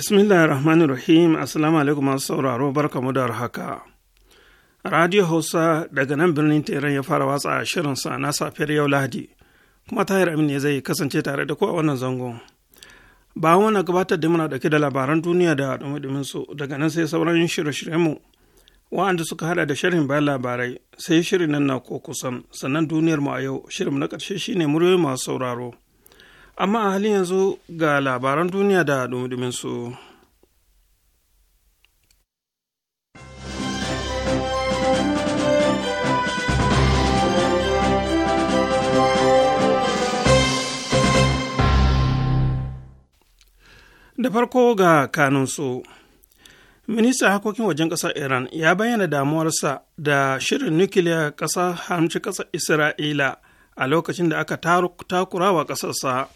bismillahir rahmanir rahim assalamu alaikum masu sauraro barkamu da haka radio hausa daga nan birnin teran ya fara watsa a shirinsa na safiyar yau lahadi kuma tahir amin ne zai kasance tare da ku a wannan zangon ba wani gabatar da muna dauke da labaran duniya da dumudumin su daga nan sai sauran shirye-shiryenmu wa'anda suka hada da shirin bayan labarai sai shirin nan na ko kusan sannan duniyarmu a yau shirin na karshe shine muryoyi masu sauraro amma a halin yanzu ga labaran duniya da dumudumin su. da farko ga kanunsu ministan harkokin wajen ƙasar iran ya bayyana damuwarsa da shirin nukiliya ƙasar hamci ƙasar isra'ila a lokacin da aka takurawa wa ƙasarsa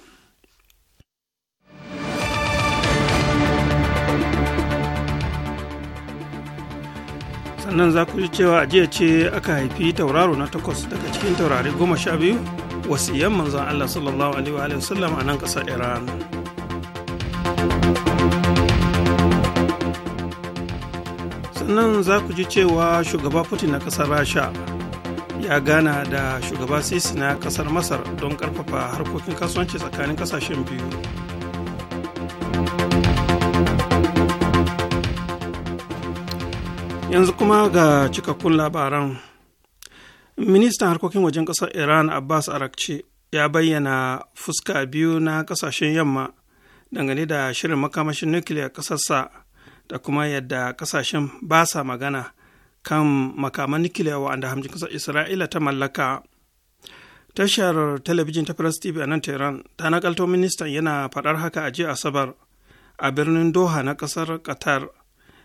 nan za ku ji cewa a jiya ce aka haifi tauraro na takwas daga cikin taurari goma sha biyu wasiyan manzon Allah sallallahu alaihi wa sallam a nan ƙasar Iran. Sannan za ku ji cewa shugaba Putin na ƙasar Rasha ya gana da shugaba Sisi na ƙasar Masar don ƙarfafa harkokin kasuwanci tsakanin ƙasashen biyu. yanzu kuma ga cikakkun labaran ministan harkokin wajen ƙasar iran abbas arakci ya bayyana fuska biyu na ƙasashen yamma dangane da shirin makamashin nukiliyar kasarsa da kuma yadda kasashen ba sa magana kan makaman nukiliya wanda hamjin kasar isra'ila ta mallaka tashar talabijin ta press tv a nan tehran ta nakalto ministan yana faɗar haka a jiya asabar a birnin doha na ƙasar qatar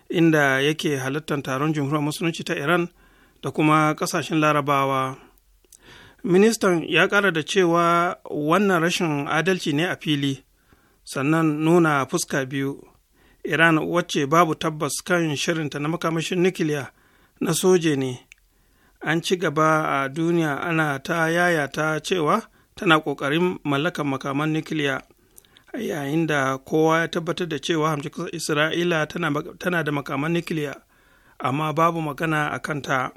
inda yake halartar taron jamhuriyar musulunci ta iran da kuma kasashen larabawa ministan ya ƙara da cewa wannan rashin adalci ne a fili sannan nuna fuska biyu iran wacce babu tabbas kan shirinta na makamashin nukiliya na soje ne an ci gaba a duniya ana ta yayata cewa tana ƙoƙarin mallakan makaman nukiliya yayin da kowa ya tabbatar da cewa hamci kasar isra'ila tana da makaman nukiliya amma babu magana a kanta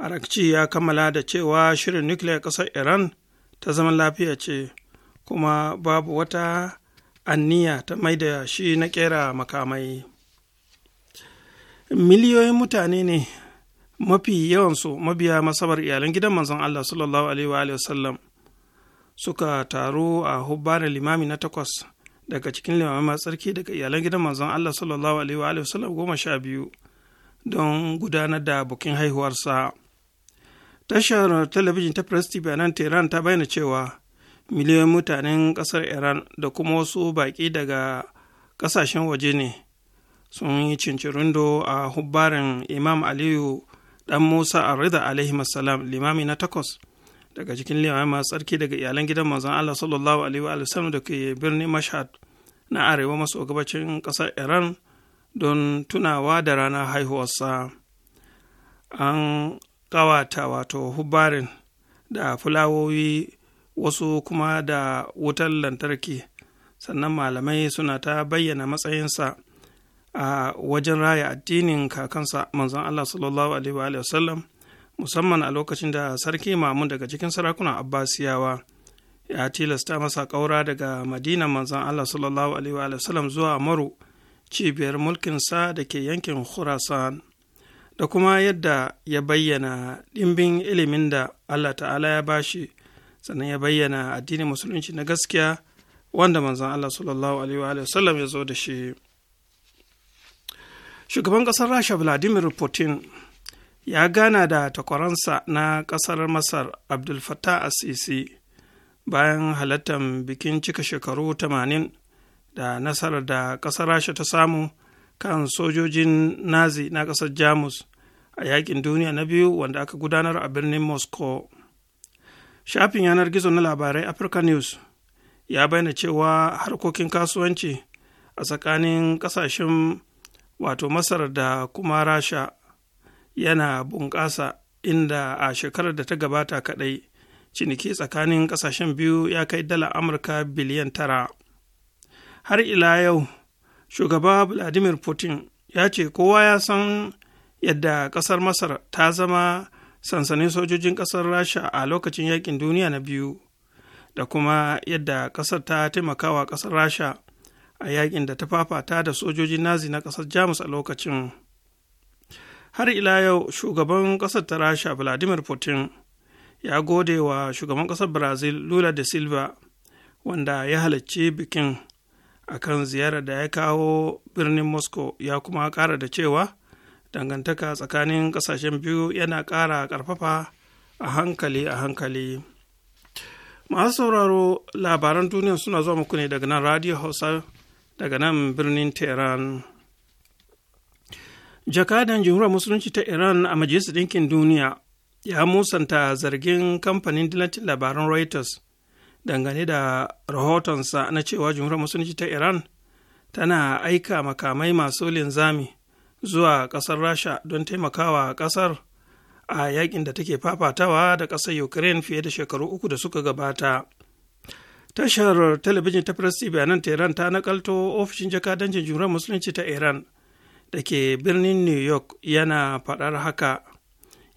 arakci ya kammala da cewa shirin nukiliyar ƙasar iran ta zama lafiya ce kuma babu wata anniya ta mai da shi na kera makamai miliyoyin mutane ne mafi yawansu mabiya masabar iyalan gidan manzon allah sallallahu alaihi wa sallam suka taru a hubbarar limami na takwas daga cikin limamai tsarki daga iyalan gidan manzon Allah sallallahu alaihi wa sallam goma sha biyu don gudanar da bukin haihuwarsa. Tashar talabijin ta Press TV a nan Tehran ta bayyana cewa miliyoyin mutanen ƙasar Iran da kuma wasu baƙi daga ƙasashen waje ne sun yi cincirindo a hubbarin Imam Aliyu dan Musa Arrida alaihi salam limami na takwas. daga cikin limamai masu tsarki daga iyalan gidan manzon Allah sallallahu alaihi wa sallam da ke birnin Mashhad na arewa maso gabacin ƙasar Iran don tunawa da ranar haihuwarsa. An ƙawata wato hubarin da fulawoyi wasu kuma da wutar lantarki sannan malamai suna ta bayyana matsayinsa a wajen raya addinin kakansa manzon Allah sallallahu alaihi wa sallam musamman a lokacin da sarki mamun daga cikin sarakunan abbasiyawa ya tilasta masa ƙaura daga madina manzan allah sallallahu alaihi wa sallam zuwa maru cibiyar mulkinsa da ke yankin khurasan da kuma yadda ya bayyana ɗimbin ilimin da allah ta'ala ya bashi sannan ya bayyana addinin musulunci na gaskiya wanda manzan allah sallallahu alaihi wa sallam ya zo da shi shugaban ƙasar rasha vladimir putin ya gana da takwaransa na ƙasar masar abdul fattah asisi bayan halartar bikin cika shekaru 80 da nasarar da ƙasar rasha ta samu kan sojojin nazi na ƙasar jamus a yakin duniya na biyu wanda aka gudanar a birnin moscow shafin yanar gizo na labarai africa news ya bayyana cewa harkokin kasuwanci a tsakanin ƙasashen wato masar da kuma rasha yana bunƙasa inda a shekarar da ta gabata kaɗai ciniki tsakanin ƙasashen biyu ya kai dala amurka biliyan tara har ila yau shugaba vladimir putin ya ce kowa ya san yadda ƙasar masar ta zama sansanin sojojin ƙasar rasha a lokacin yakin duniya na biyu da kuma yadda ƙasar ta taimaka taimakawa ƙasar rasha a yakin da ta fafata da sojojin nazi na ƙasar jamus a lokacin har ila yau shugaban ƙasar ta rasha vladimir putin ya gode wa shugaban ƙasar brazil lula da silva wanda ya halarci bikin akan ziyarar da ya kawo birnin moscow ya kuma ƙara da cewa dangantaka tsakanin ƙasashen biyu yana ƙara ƙarfafa a hankali a hankali masu sauraro labaran duniya suna zuwa muku ne daga nan radio hausa daga nan birnin tehran jakadan Juhura musulunci ta iran a majalisar ɗinkin duniya ya musanta zargin kamfanin dilatin labaran reuters dangane da rahotonsa na cewa jumhuriyar musulunci ta iran tana aika makamai masu linzami zuwa ƙasar rasha don taimakawa ƙasar a yakin da take fafatawa da ƙasar ukraine fiye da shekaru uku da suka gabata tashar talabijin ta press tv a nan Iran ta nakalto ofishin jakadancin jumhuriyar musulunci ta iran da ke birnin new york yana faɗar haka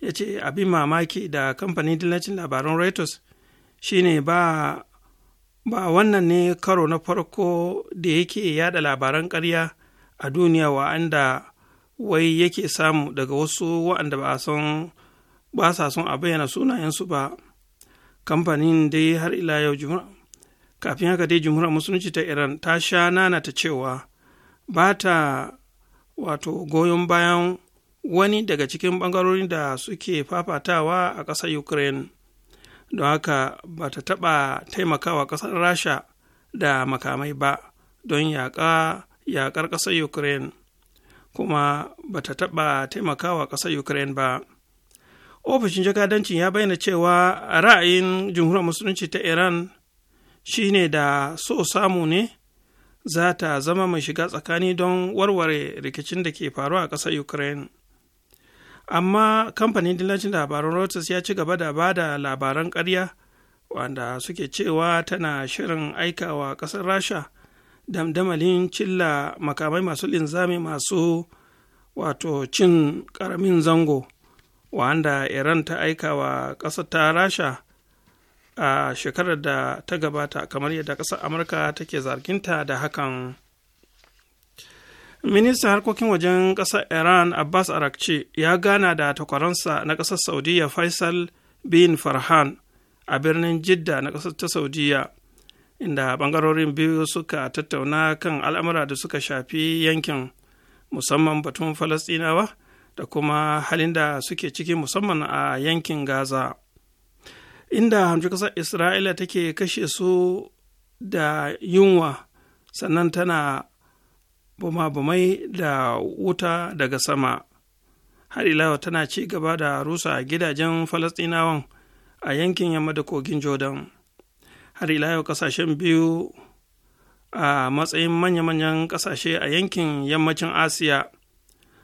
ya ce abin mamaki da kamfanin dillacin labaran reuters shine ba ba wannan ne karo na farko da yake yada labaran ƙarya a duniya wa'anda wai yake samu daga wasu wa'anda ba son ba sa son a bayyana sunayensu ba kamfanin dai har ila yau kafin haka dai jumhuriyar musulunci ta iran ta sha nana ta cewa ba ta wato goyon bayan wani daga cikin ɓangarorin da suke fafatawa a ƙasar ukraine don haka ba ta taɓa taimakawa ƙasar rasha da makamai ba don yaƙa yaƙar ƙasar ukraine kuma ba ta taɓa taimakawa ƙasar ukraine ba ofishin jakadancin ya bayyana cewa ra'ayin jamhuriyar musulunci ta iran shine da so samu ne za ta zama mai shiga tsakani don warware rikicin da ke faruwa a ƙasar ukraine amma kamfanin dillacin labaran reuters ya ci gaba da ba da labaran ƙarya wanda suke cewa tana shirin aika wa ƙasar rasha damdamalin cilla makamai masu linzami masu wato cin ƙaramin zango wanda iran ta aika wa ƙasar ta rasha a shekarar da ta gabata kamar yadda ƙasar amurka take zarginta da hakan ministan harkokin wajen ƙasar iran abbas arakci ya gana da takwaransa na ƙasar saudiya faisal bin farhan a birnin jidda na ƙasar ta saudiya inda ɓangarorin biyu suka tattauna kan al'amura da suka shafi yankin musamman batun falasɗinawa da kuma halin da suke ciki musamman a yankin gaza inda hamshi ƙasar isra'ila take kashe su da yunwa sannan tana bama da wuta daga sama har ilawa tana ci gaba da rusa gidajen falastinawan a yankin yamma da kogin jordan har ilawa kasashen biyu a matsayin manya-manyan kasashe a yankin yammacin asiya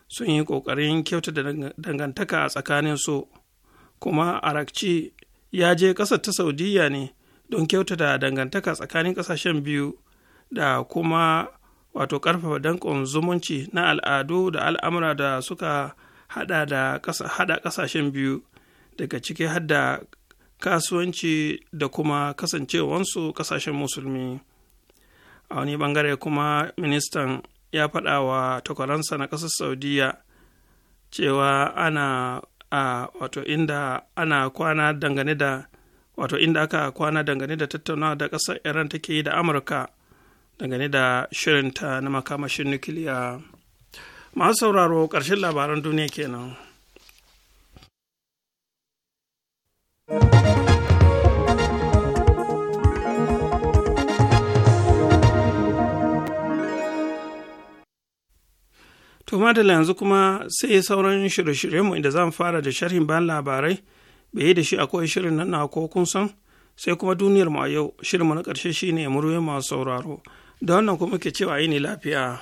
sun yi ƙoƙarin kyauta dangantaka a tsakaninsu kuma arakci ya je ƙasar ta saudiyya ne don kyautata dangantaka tsakanin ƙasashen biyu da kuma wato ƙarfafa danƙon zumunci na al'adu da al'amura da suka hada ƙasashen biyu daga ciki hadda kasuwanci da kuma kasancewansu ƙasashen musulmi a wani bangare kuma ministan ya faɗa wa takwaransa na ƙasar saudiyya cewa ana a wato inda ana kwana dangane da wato inda aka kwana dangane da tattaunawa da ƙasar iran take yi da amurka dangane da shirinta na makamashin nukiliya masu sauraro ƙarshen labaran duniya kenan. To madalla yanzu kuma sai sauran shirye-shiryenmu inda zan fara da sharhin bayan labarai, bai da shi akwai shirin nan na ko kun san, sai kuma duniyar mu a yau shirin mu na ƙarshe shine muryoyin masu sauraro, da wannan kuma ke cewa yi ne lafiya.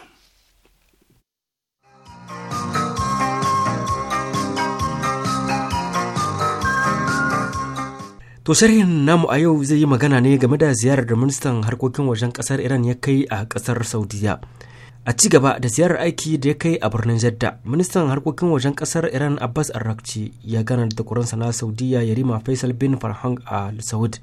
To sharhin namu a yau zai yi magana ne game da ziyarar da ministan harkokin wajen kasar Iran ya kai a kasar Saudiya. a ci gaba da ziyarar aiki da ya kai a birnin jadda ministan harkokin wajen kasar iran abbas arrakci ya gana da kuransa na saudiya yarima faisal bin farhang a saud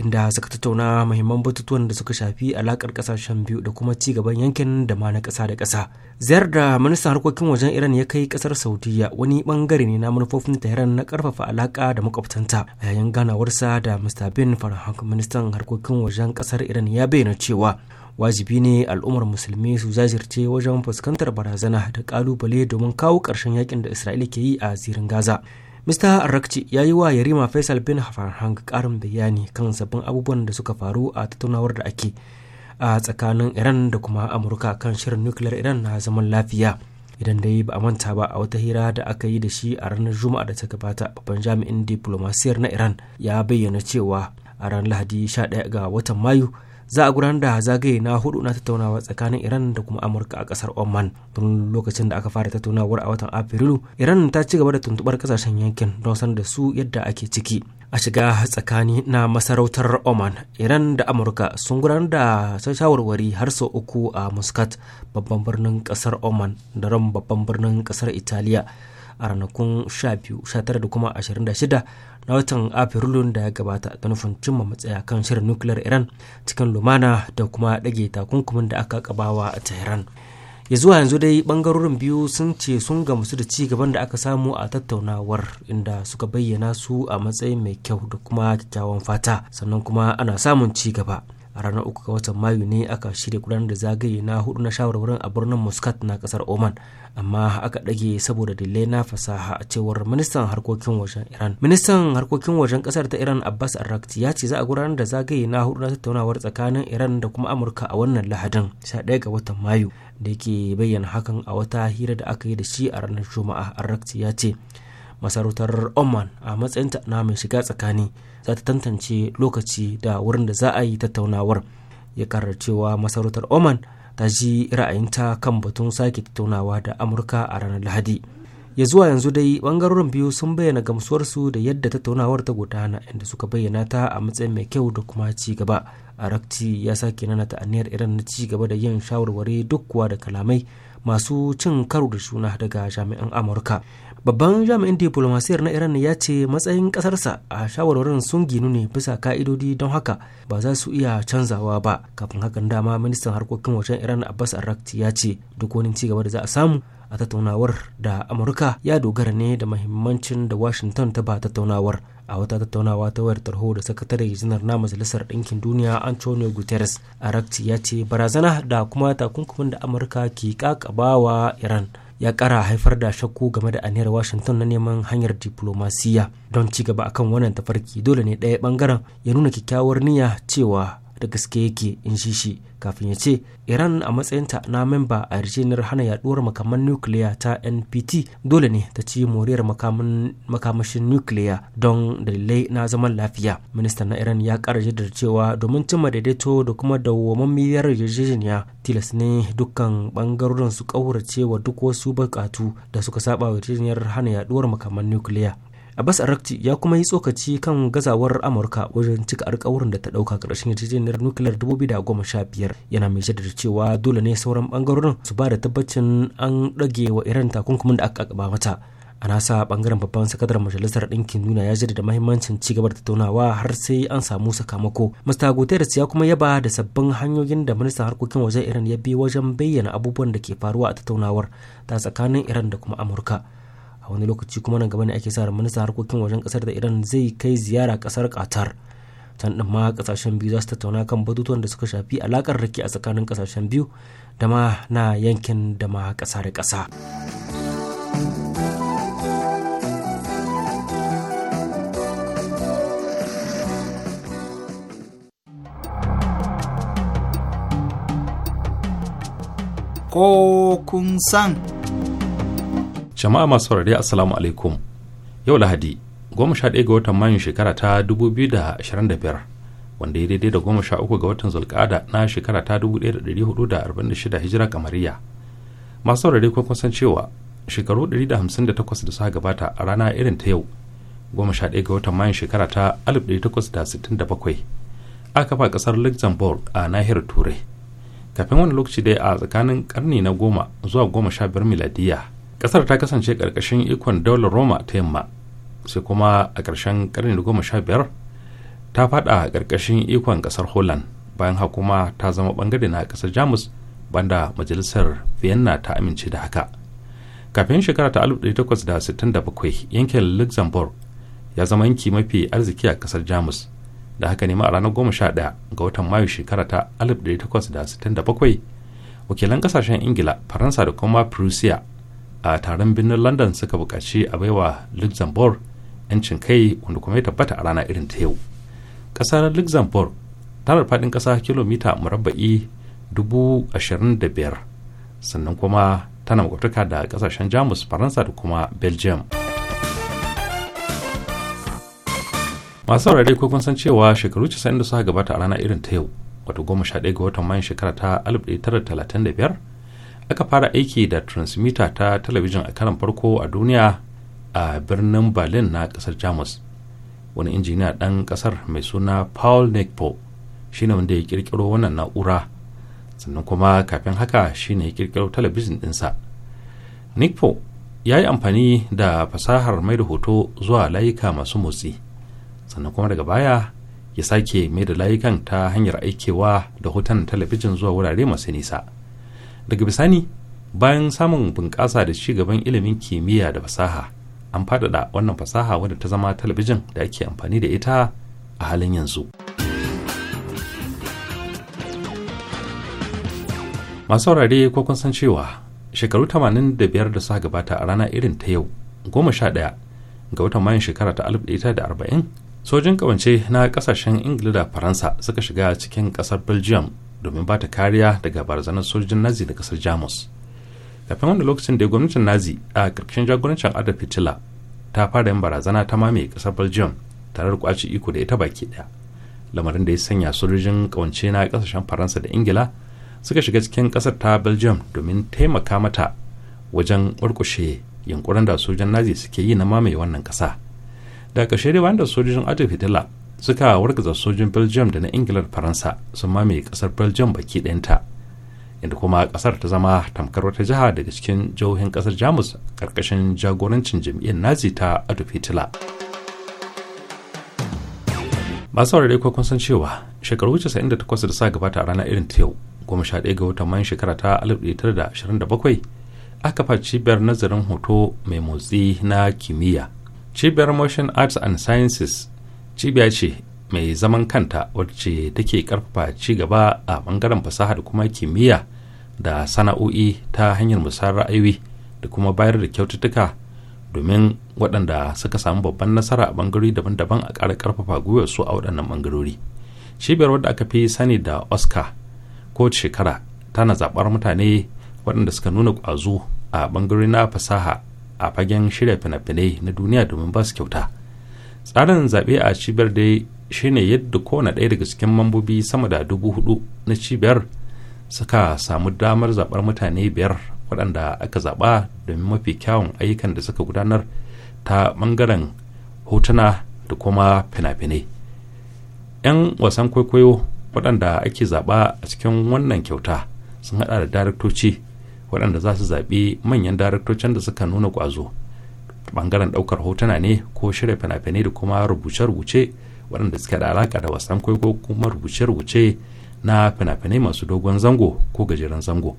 inda suka tattauna mahimman batutuwan da suka shafi alakar kasashen biyu da kuma ci gaban yankin da ma na kasa da kasa ziyarar da ministan harkokin wajen iran ya kai kasar saudiya wani bangare ne na manufofin tehran na karfafa alaka da makwabtanta a yayin ganawarsa da mr bin farhang ministan harkokin wajen kasar iran ya bayyana cewa wajibi ne al'ummar musulmi su zazirce wajen fuskantar barazana da kalubale domin kawo ƙarshen yakin da isra'ila ke yi a zirin gaza mista arakci ya yi wa yarima faisal bin hang ƙarin bayani kan sabbin abubuwan da suka faru a tattaunawar da ake a tsakanin iran da kuma amurka kan shirin nukiliyar iran na zaman lafiya idan dai ba a manta ba a wata hira da aka yi da shi a ranar juma'a da ta gabata babban jami'in diplomasiyar na iran ya bayyana cewa a ranar lahadi 11 ga watan mayu za a gudanar da zagaye na hudu na tattaunawa tsakanin iran da kuma amurka a kasar oman tun lokacin da aka fara tattaunawar a watan afrilu iran ta ci gaba da tuntubar kasashen yankin don sanar da su yadda ake ciki a shiga tsakani na masarautar oman iran da amurka sun gudanar da shawarwari har sau uku a muscat babban birnin kasar oman da ran babban birnin kasar italiya a ranakun 12 19 da kuma 26 na watan afirulun da ya gabata da nufin cimma matsaya kan shirin nukiliyar iran cikin lumana da kuma dage takunkumin da aka kabawa a tehran ya zuwa yanzu dai bangarorin biyu sun ce sun gamsu da ci gaban da aka samu a tattaunawar inda suka bayyana su a matsayin mai kyau da kuma kyakkyawan fata sannan kuma ana samun ci gaba a ranar uku ga watan mayu ne aka shirya gudanar da zagaye na hudu na shawarwarin a birnin muscat na kasar oman amma aka ɗage saboda dalilai na fasaha a cewar ministan harkokin wajen iran ministan harkokin wajen kasar ta iran abbas arrakti ya ce za a gudanar da zagaye na hudu na tattaunawar tsakanin iran da kuma amurka a wannan lahadin 11 ga watan mayu da yake bayyana hakan a wata hira da aka yi da shi a ranar juma'a arrakti ya ce masarautar oman a matsayinta na mai shiga tsakani za ta tantance lokaci da wurin da za a yi tattaunawar ya karar cewa masarautar oman ta ji ra'ayinta kan batun sake tattaunawa da amurka a ranar lahadi ya zuwa yanzu dai bangarorin biyu sun bayyana gamsuwarsu da yadda tattaunawar ta gudana inda suka bayyana ta a matsayin mai kyau da kuma ci gaba a rakti ya sake nana ta aniyar iran na ci gaba da yin shawarwari duk kuwa da kalamai masu cin karo da shuna daga jami'an amurka babban jami'in diplomasiyar na iran ya ce matsayin kasarsa a shawarwarin sun ginu ne bisa ka'idodi don haka ba za su iya canzawa ba kafin hakan dama ministan harkokin wajen iran abbas arakti ya ce duk wani ci gaba da za a samu a tattaunawar da amurka ya dogara ne da mahimmancin da washington ta ba tattaunawar a wata tattaunawa ta wayar tarho da sakatare janar na majalisar ɗinkin duniya antonio guterres arakci ya ce barazana da kuma takunkumin da amurka ke kakabawa iran ya kara haifar da shakku game da aniyar washington na neman hanyar diplomasiya don ci gaba akan wannan tafarki dole ne ɗaya bangaren ya nuna kyakkyawar niyya cewa da gaske yake in shi shi kafin ya ce iran a matsayinta na memba a yarjejeniyar hana yaduwar makaman nukiliya ta npt dole ne ta ci moriyar makamashin nukiliya don dalilai na zaman lafiya ministan na iran ya kara jaddada cewa domin cimma daidaito da kuma dawwammamiyar yarjejeniya tilas ne dukkan bangarorin su kaurace wa duk wasu bukatu da suka saba yarjejeniyar hana yaduwar makaman nukiliya abbas arakci ya kuma yi tsokaci kan gazawar amurka wajen cika alkawarin da ta dauka karshen yarjejeniyar nukiliyar biyar yana mai jaddada cewa dole ne sauran bangarorin su ba da tabbacin an dage wa iran takunkumin da aka kaba mata a nasa bangaren babban sakadar majalisar ɗinkin duniya ya jaddada mahimmancin ci gaba da tattaunawa har sai an samu sakamako mr guterres ya kuma yaba da sabbin hanyoyin da ministan harkokin waje iran ya bi wajen bayyana abubuwan da ke faruwa a tattaunawar ta tsakanin iran da kuma amurka a wani lokaci kuma nan gaba ne ake sa ministan harkokin wajen kasar da iran zai kai ziyara kasar qatar can din ma kasashen biyu za su tattauna kan batutuwan da suka shafi alakar rake a tsakanin kasashen biyu da ma na yankin da ma kasa da kasa ko kun san jama'a masu saurari assalamu alaikum yau lahadi goma sha ɗaya ga watan mayun shekara ta dubu biyu da ashirin da biyar wanda ya daidai da goma sha uku ga watan Zulƙada na shekara ta dubu ɗaya da ɗari hudu da arba'in da shida hijira kamariya masu saurari kun kusan cewa shekaru ɗari da hamsin da takwas da suka gabata a rana irin ta yau goma sha ɗaya ga watan mayun shekara ta alif ɗari takwas da sittin da bakwai aka kafa ƙasar luxembourg a nahiyar turai kafin wani lokaci dai a tsakanin karni na goma zuwa goma sha biyar miladiyya. kasar ta kasance ƙarƙashin ikon daular roma ta yamma sai kuma a karshen ƙarni goma sha biyar ta fada ƙarƙashin ikon ƙasar holland bayan hakuma ta zama ɓangare na ƙasar jamus banda majalisar vienna ta amince da haka kafin shekara ta 1867 yankin luxembourg ya zama yanki mafi arziki a ƙasar jamus da haka ne a ranar ɗaya ga watan mayu shekara ta 1867 wakilan kasashen ingila faransa da kuma prussia a taron birnin london suka bukaci a baiwa luxembourg 'yancin kai wanda kuma ya tabbata a rana irin ta yau ƙasar luxembourg tana da faɗin ƙasa kilomita murabba'i 25,000 sannan kuma tana makwabtaka da ƙasashen jamus faransa da kuma belgium masu saurare ko kun san cewa shekaru 90 da suka gabata a rana irin ta yau wato 11 ga watan mayan shekara ta 1935 aka fara aiki da transmitter ta talabijin a karan farko a duniya a birnin berlin na kasar jamus wani injiniya ɗan kasar mai suna paul nekpo shine wanda ya kirkiro wannan na'ura sannan kuma kafin haka shine ya kirkiro talabijin ɗinsa nekpo ya yi amfani da fasahar mai da hoto zuwa layuka masu motsi sannan kuma daga baya ya sake mai da layukan ta hanyar aikewa da hoton talabijin zuwa wurare masu nisa daga bisani bayan samun bunƙasa da ci gaban ilimin kimiyya da fasaha an faɗaɗa wannan fasaha wadda ta zama talabijin da ake amfani da ita a halin yanzu masu saurare ko kun san cewa shekaru 85 da suka gabata a rana irin ta yau 11 ga watan mayun shekara ta 1940 sojin kawance na kasashen ingila da faransa suka shiga cikin kasar belgium domin ba ta kariya daga barazanar sojojin nazi da kasar jamus kafin wanda lokacin da gwamnatin nazi a ƙarshen jagorancin adolf hitler ta fara yin barazana ta mamaye kasar belgium tare da kwaci iko da ita baki ɗaya. lamarin da ya sanya sojojin kawance na kasashen faransa da ingila suka shiga cikin ƙasar ta belgium domin taimaka mata wajen murkushe yunkurin da sojojin nazi suke yi na mamaye wannan kasa daga ƙarshe dai da sojojin adolf hitler suka wargaza sojin belgium da na ingilar faransa sun mamaye kasar belgium baki ɗayanta inda kuma kasar ta zama tamkar wata jiha daga cikin jihohin kasar jamus karkashin jagorancin jam'iyyar nazi ta adolf hitler masu saurare ko kun san cewa shekaru 98 da sa gabata a rana irin ta yau goma sha ɗaya ga watan mayan shekara ta 1927 aka fa cibiyar nazarin hoto mai motsi na kimiyya cibiyar motion arts and sciences cibiya ce mai zaman kanta wacce take karfafa ci gaba a bangaren fasaha da kuma kimiyya da sana'o'i ta hanyar musayar ra'ayoyi da kuma bayar da kyaututtuka domin waɗanda suka samu babban nasara a bangarori daban-daban a ƙara karfafa gwiwar su a waɗannan bangarori cibiyar wadda aka fi sani da oscar ko shekara tana zaɓar mutane waɗanda suka nuna ƙwazo a bangarori na fasaha a fagen shirya fina-finai na duniya domin ba su kyauta tsarin zaɓe a cibiyar dai shine yadda kowane ɗaya daga cikin mambobi sama da dubu hudu na cibiyar suka samu damar zaɓar mutane biyar waɗanda aka zaɓa domin mafi kyawun ayyukan da suka gudanar ta ɓangaren hotuna da kuma fina-finai 'yan wasan kwaikwayo waɗanda ake zaɓa a cikin wannan kyauta sun haɗa da daraktoci waɗanda za su zaɓi manyan daraktocin da suka nuna ƙwazo bangaren daukar hotuna ne ko shirya fina-finai da kuma rubuce-rubuce waɗanda suke da alaka da wasan kwaikwayo kuma rubuce-rubuce na fina-finai masu dogon zango ko gajeren zango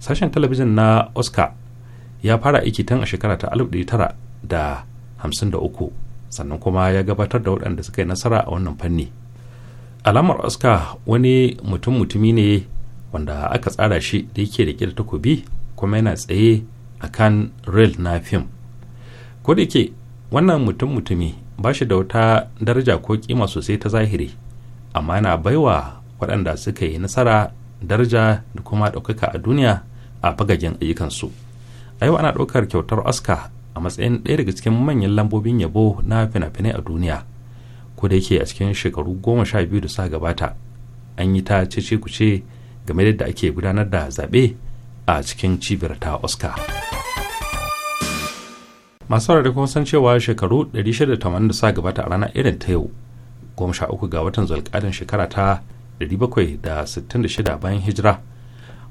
sashen talabijin na oscar ya fara aiki tun a shekara ta 1953 sannan kuma ya gabatar da waɗanda suka yi nasara a wannan fanni alamar oscar wani mutum-mutumi ne wanda aka tsara shi da yake da takobi kuma yana tsaye a kan rail na fim ko da ke wannan mutum mutumi ba shi da wata daraja ko kima sosai ta zahiri amma na baiwa waɗanda suka yi nasara daraja da kuma ɗaukaka a duniya a fagagen ayyukansu a yau ana ɗaukar kyautar oscar a matsayin ɗaya daga cikin manyan lambobin yabo na fina-finai a duniya ko da yake a cikin shekaru goma sha biyu da sa gabata an yi ta cece kuce game da yadda ake gudanar da zaɓe a cikin cibiyar ta oscar masu rarrabe kuma san cewa shekaru 680 da sa gabata a rana irin ta yau goma sha uku ga watan zulkadin shekara ta 766 bayan hijira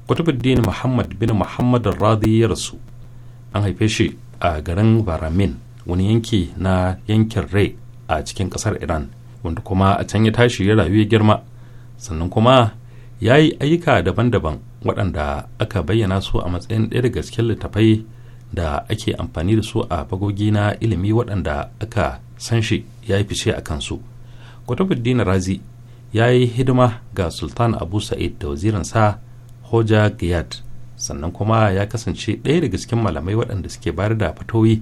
kutubuddin muhammad bin muhammad radi ya rasu an haife shi a garin baramin wani yanki na yankin rai a cikin kasar iran wanda kuma a can ya tashi ya rayu ya girma sannan kuma ya yi ayyuka daban-daban waɗanda aka bayyana su a matsayin ɗaya daga cikin littattafai. da ake amfani da su a bagogi na ilimi waɗanda aka san shi ya yi fice a kansu kutubuddin razi ya yi hidima ga sultan abu sa'id da wazirinsa hoja giyad sannan kuma ya kasance ɗaya daga cikin malamai waɗanda suke bayar da fatoyi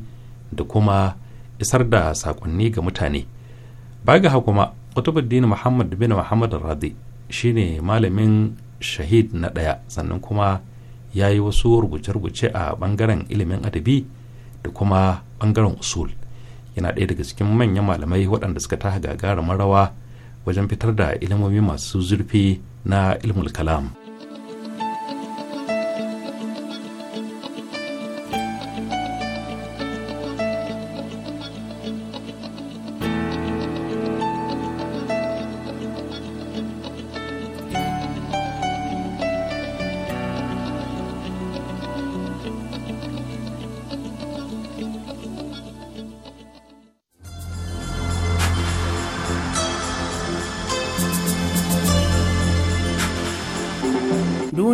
da kuma isar da sakonni ga mutane baga ha kuma kutubuddin muhammad bin muhammad shine malamin shahid na ɗaya sannan kuma ya yi wasu rubuce-rubuce a bangaren ilimin adabi da kuma bangaren usul yana ɗaya daga cikin manyan malamai waɗanda suka ta gagarumin rawa wajen fitar da ilimomi masu zurfi na ilmul kalam.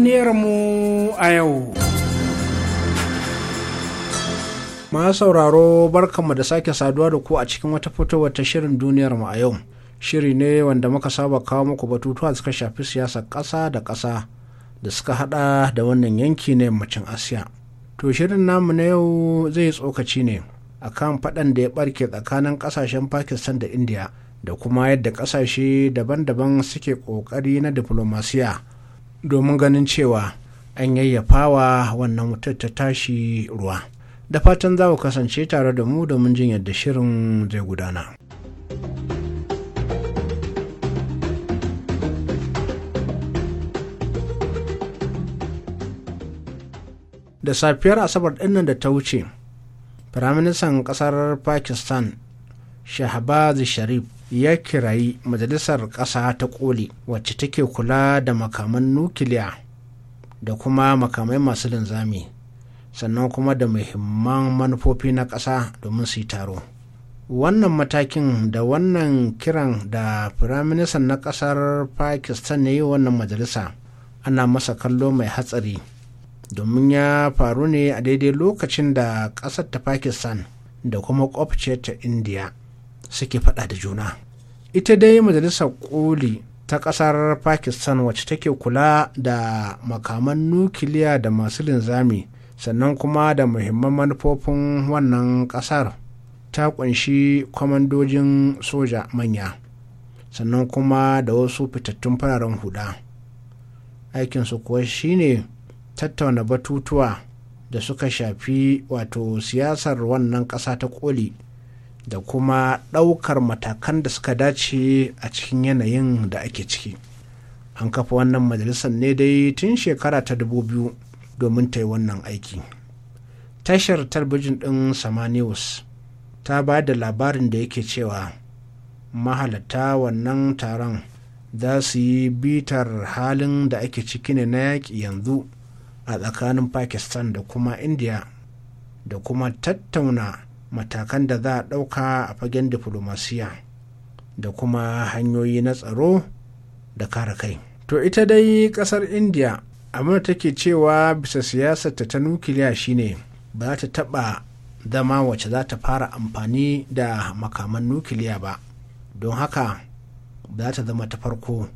duniyarmu a yau. Masu sauraro barkanmu da sake saduwa da ku a cikin wata fitowar ta shirin duniyarmu a yau. Shiri ne wanda muka saba kawo muku batutuwa suka shafi siyasar ƙasa da ƙasa da suka haɗa da wannan yanki na yammacin Asiya. To shirin namu na yau zai tsokaci ne a kan faɗan da ya ɓarke tsakanin ƙasashen Pakistan da India da kuma yadda ƙasashe daban-daban suke ƙoƙari na diflomasiya. domin ganin cewa an yayyafawa wannan wutar ta tashi ruwa da fatan za ku kasance tare da mu domin jin yadda shirin zai gudana. da safiyar asabar ɗinnan da ta wuce firaministan ƙasar pakistan shahbaz sharif ya kirayi majalisar ƙasa ta ƙoli wacce take kula da makaman nukiliya da kuma makamai masu linzami sannan kuma da muhimman manufofi na ƙasa domin su yi taro wannan matakin da wannan kiran da firaministan na ƙasar pakistan ne wannan majalisa ana masa kallo mai hatsari domin ya faru ne a daidai lokacin da ƙasar ta pakistan da kuma ta indiya suke faɗa da juna ita dai majalisar koli ta ƙasar pakistan wacce take kula da makaman nukiliya da masu linzami sannan kuma da muhimman manufofin wannan ƙasar ta kunshi kwamandojin soja manya sannan kuma da wasu fitattun fararen huda aikinsu kuwa shine tattauna batutuwa da suka shafi wato siyasar wannan ƙasa ta koli da kuma ɗaukar matakan da suka dace a cikin yanayin da ake ciki an kafa wannan majalisar ne dai tun shekara ta dubu biyu domin ta yi wannan aiki tashar talbijin ɗin samanius ta ba da labarin da yake cewa mahalatta wannan taron za su yi bitar halin da ake ciki ne na yaƙi yanzu a tsakanin pakistan da kuma india da kuma tattauna matakan da za a ɗauka a fagen diflomasiya da kuma hanyoyi na tsaro da kare kai to ita dai ƙasar india abin take cewa bisa siyasarta ta nukiliya shine ba za ta taɓa zama wacce za ta fara amfani da makaman nukiliya ba don haka za ta zama ta farko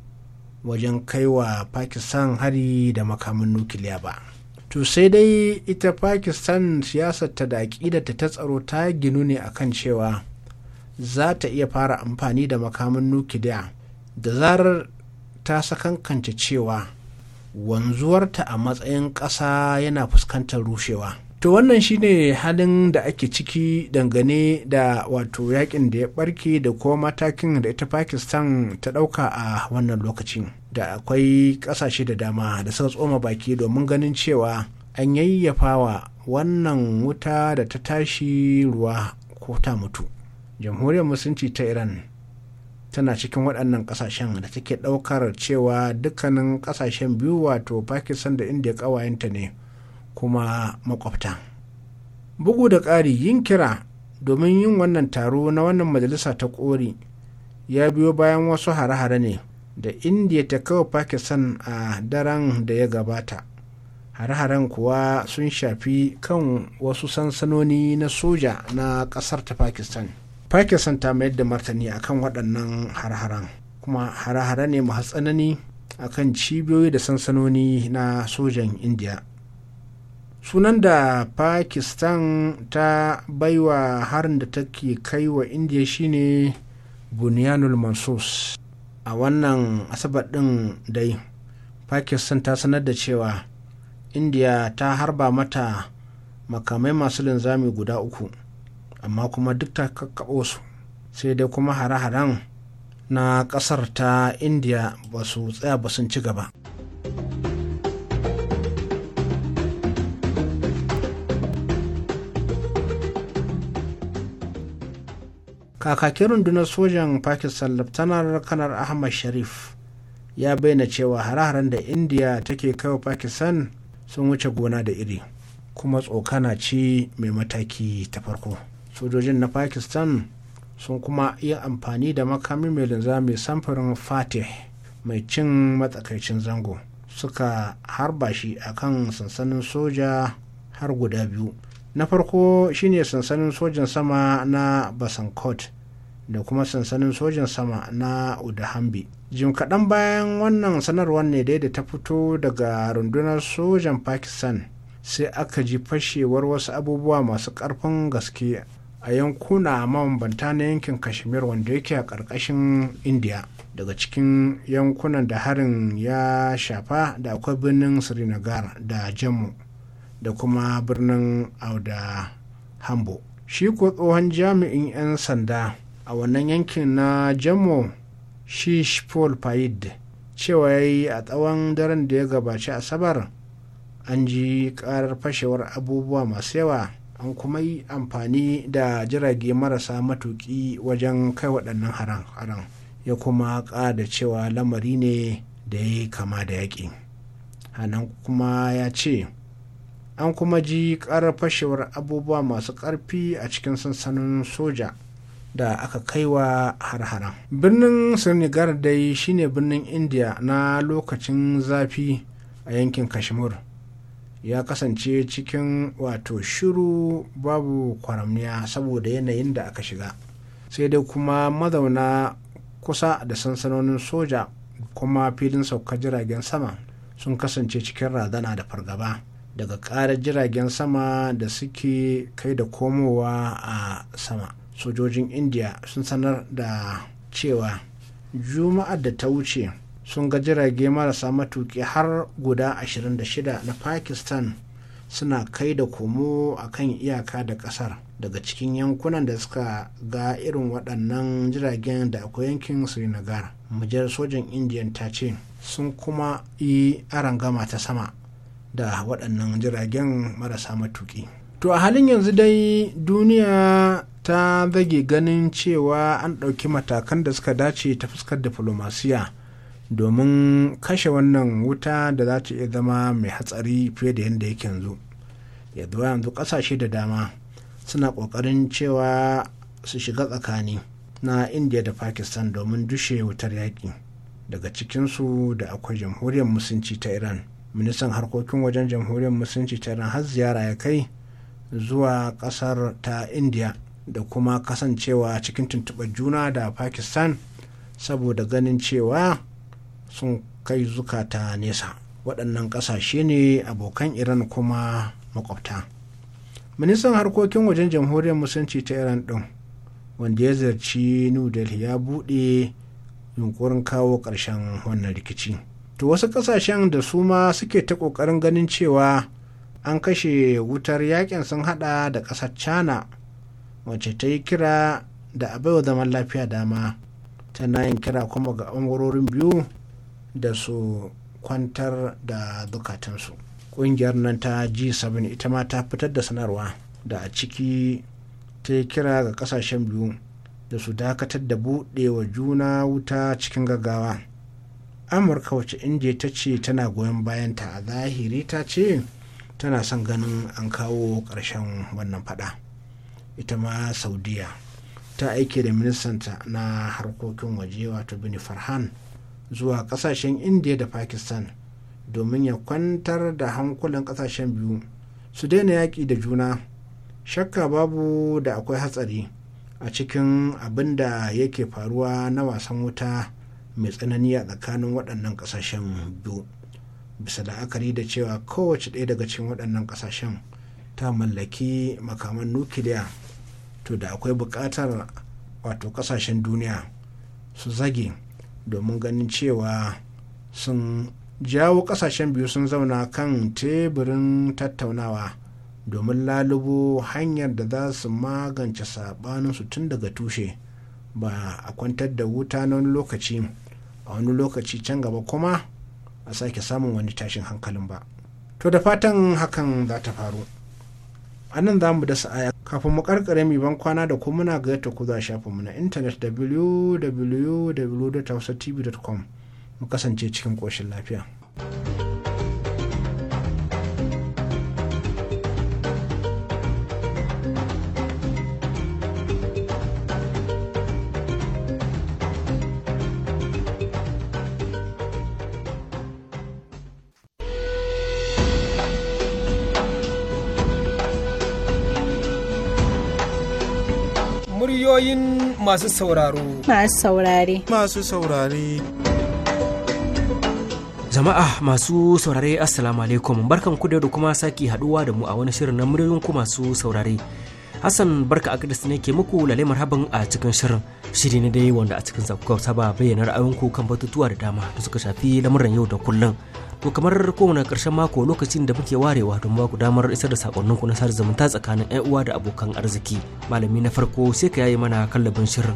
wajen kai wa pakistan hari da makaman nukiliya ba to sai dai ita pakistan siyasar ta da aƙida ta tsaro ta ginu ne a kan cewa za ta iya fara amfani da makamin nukiliya da zarar ta sakankance cewa wanzuwarta a matsayin ƙasa yana fuskantar rushewa to wannan shine halin da ake ciki dangane da wato yakin da ya barke da kuma matakin da ita pakistan ta ɗauka a wannan lokacin da akwai ƙasashe da dama da suka tsoma baki domin ganin cewa an yayyafa wa wannan wuta da ta tashi ruwa ko ta mutu jamhuriyar musulunci ta iran tana cikin waɗannan ƙasashen da take ɗaukar cewa dukkanin ƙasashen biyu wato pakistan da india ƙawayenta ne kuma makwabta bugu da ƙari yin kira domin yin wannan taro na wannan majalisa ta ƙori ya biyo bayan wasu hare-hare ne da india ta kawo pakistan a daren da ya gabata hare-haren kuwa sun shafi kan wasu sansanoni na soja na kasar ta pakistan pakistan ta mayar da martani akan waɗannan har haren kuma har hare ne masu tsanani akan cibiyoyi da sansanoni na sojan india. sunan da pakistan ta baiwa harin da take kai wa indiya shine bunyanul mansus a wannan asabar ɗin dai pakistan ta sanar da cewa india ta harba mata makamai masu linzami guda uku amma kuma duk ta kakkaɓo su sai dai kuma hare-haren na ƙasar ta india ba su tsaya ba sun ci gaba. kakakin rundunar sojan pakistan laftanar kanar ahmad sharif ya bayyana cewa hare-haren da indiya take kaiwa pakistan sun wuce gona da iri kuma tsokana ce mai mataki ta farko sojojin na pakistan sun kuma yi amfani da makamin mai linza mai samfurin fatih mai cin matsakaicin zango suka harba shi a kan sansanin soja har guda biyu na farko shine sansanin sojan sama na basankot da kuma sansanin sojan sama na udahambi jim kaɗan bayan wannan sanarwar ne dai da ta fito daga rundunar sojan pakistan sai aka ji fashewar wasu abubuwa masu ƙarfin gaske a yankuna mabambanta na yankin kashmir wanda yake a ƙarƙashin india daga cikin yankunan da harin ya shafa da akwai birnin srinagar da jammu da kuma birnin auda hambo shi kuwa tsohon jami'in 'yan sanda a wannan yankin na jamo shishpol faid cewa ya yi a tsawon daren da ya gabaci asabar an ji karar fashewar abubuwa masu yawa an kuma yi amfani da jirage marasa matuki wajen kai waɗannan haran ya kuma ƙada cewa lamari ne da ya yi kama da yaƙi hannun kuma ya ce an kuma ji ƙarar fashewar abubuwa masu ƙarfi a cikin sansanin soja da aka kaiwa har-haren. Birnin Srinagar dai shine birnin India na lokacin zafi a yankin Kashmir. Ya kasance cikin wato shiru babu kwaramniya saboda yanayin da aka shiga. Sai dai kuma mazauna kusa da sansanonin soja kuma filin sauka jiragen sama sun kasance cikin razana da fargaba. daga ƙarar jiragen sama da suke kai da komowa a sama. sojojin india sun sanar da cewa juma'ar da ta wuce sun ga jirage marasa matuki har guda 26 na pakistan suna kai da komo a kan iyaka da kasar daga cikin yankunan da suka ga irin waɗannan jiragen da akwai yankin srinagar mujar sojan Indiya ta ce sun kuma yi arangama ta sama da waɗannan jiragen marasa matuki to a halin yanzu dai duniya ta zage ganin cewa an ɗauki matakan da suka dace ta fuskar diflomasiya domin kashe wannan wuta da za ta iya zama mai hatsari fiye da yadda yake yanzu yanzu yanzu ƙasashe da dama suna ƙoƙarin cewa su shiga tsakani na india da pakistan domin dushe wutar yaƙi daga cikinsu da akwai jamhuriyar musulunci ta iran ministan harkokin wajen jamhuriyar musulunci ta iran har ziyara ya kai zuwa ƙasar ta india da kuma kasancewa cikin tuntuɓar juna da pakistan saboda ganin cewa sun kai zukata nesa waɗannan ƙasashe ne abokan iran kuma makwabta ministan harkokin wajen jamhuriyar musulunci ta iran ɗin wanda ya zarci new delhi ya buɗe yunkurin kawo ƙarshen wannan rikici to wasu ƙasashen da su ma suke ta ƙoƙarin ganin cewa an kashe wutar yakin sun hada da ƙasar china wacce ta yi kira da a baiwa zaman lafiya dama tana yin kira kuma ga ɓangarorin biyu da su kwantar da dukatansu ƙungiyar nan ta g7 ita ma ta fitar da sanarwa da a ciki ta yi kira ga ƙasashen biyu da su dakatar da buɗewa juna wuta cikin gaggawa amurka wacce indiya ta ce tana goyon bayanta a zahiri ta ce tana son ganin an kawo ƙarshen wannan faɗa? ita ma saudiya ta aike da ministanta na harkokin waje wato bini farhan zuwa kasashen indiya da pakistan domin ya kwantar da hankulan kasashen biyu su daina yaƙi da juna shakka babu da akwai hatsari a cikin abin da yake faruwa na wasan wuta mai tsanani a tsakanin waɗannan kasashen biyu bisa la'akari da cewa kowace ɗaya daga cikin waɗannan kasashen. ta mallaki makaman nukiliya to da akwai buƙatar wato ƙasashen duniya su zage domin ganin cewa sun jawo ƙasashen biyu sun zauna kan teburin tattaunawa domin lalubo hanyar da za su magance saɓaninsu tun daga tushe ba a kwantar da wuta na wani lokaci a wani lokaci can gaba kuma a sake samun wani tashin hankalin ba to da fatan hakan za ta faru a nan za mu dasa aya kafin mu karkare mu ban kwana da kuma muna yadda ku za shafin mu na intanet www.hausatv.com mu kasance cikin koshin lafiya masu sauraro. Masu saurare. Masu saurare. Jama'a masu saurare Assalamu alaikum barkan ku da kuma sake haduwa da mu a wani shirin na muryoyin ku masu saurare. Hassan barka a ne ke muku lale marhaban a cikin shirin shiri ne dai wanda a cikin sa kuka saba bayyana ra'ayinku kan batutuwa da dama da suka shafi lamuran yau da kullum. To kamar kowane ƙarshen mako lokacin da muke warewa don ba ku damar isar da sakonninku na sada zumunta tsakanin 'yan uwa da abokan arziki. Malami na farko sai ka yayi mana kallabin shirin.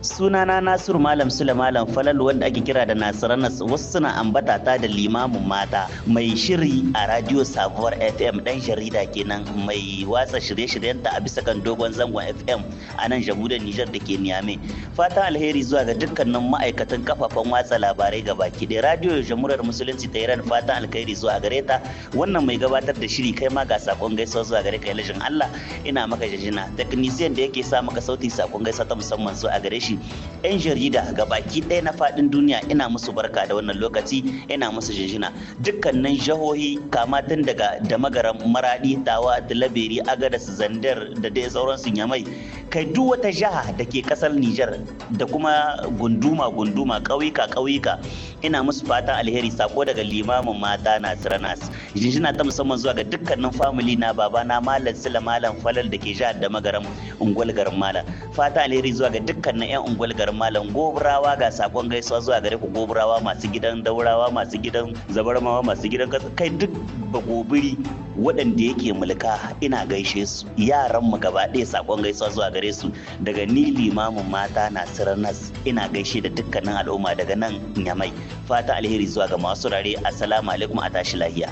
sunana Nasiru Malam Sule Malam Falalu wanda ake kira da Nasiranas wasu suna ambata ta da limamin mata mai shiri a radio sabuwar FM dan jarida kenan mai watsa shirye-shiryenta a bisa kan dogon zangon FM a nan jamhuriyar Nijar da ke niyame Fatan alheri zuwa ga dukkanin ma'aikatan kafafen watsa labarai ga baki ɗaya radio jamhuriyar musulunci ta Iran fatan alheri zuwa gare ta wannan mai gabatar da shiri kai ma ga sakon gaisuwa zuwa gare ka Allah ina maka jajina technician da yake sa maka sauti sakon gaisuwa ta musamman zuwa gare shi shi 'yan jarida ga baki ɗaya na faɗin duniya ina musu barka da wannan lokaci ina musu jinjina dukkanin jihohi kama tun daga da magaran maradi tawa da laberi agadas zandar da dai sauransu yamai. kai duk wata jiha da ke kasar Nijar da kuma gunduma gunduma ƙauyuka ƙauyuka ina musu fatan alheri sako daga limamin mata na Nas jinjina ta musamman zuwa ga dukkanin family na baba na malam Sula malam Falal da ke jihar da magaram ungwal garin malam fatan alheri zuwa ga dukkanin yan ungwal garin malam goburawa ga sakon gaisuwa zuwa gare ku goburawa masu gidan daurawa masu gidan zabarmawa masu gidan kai duk bagobiri waɗanda yake mulka ina gaishe su yaran mu gaba ɗaya sakon gaisuwa zuwa gare gare su daga ni limamin mata na siranas ina gaishe da dukkanin al'umma daga nan nyamai fata alheri zuwa ga masu rare assalamu alaikum a tashi lahiya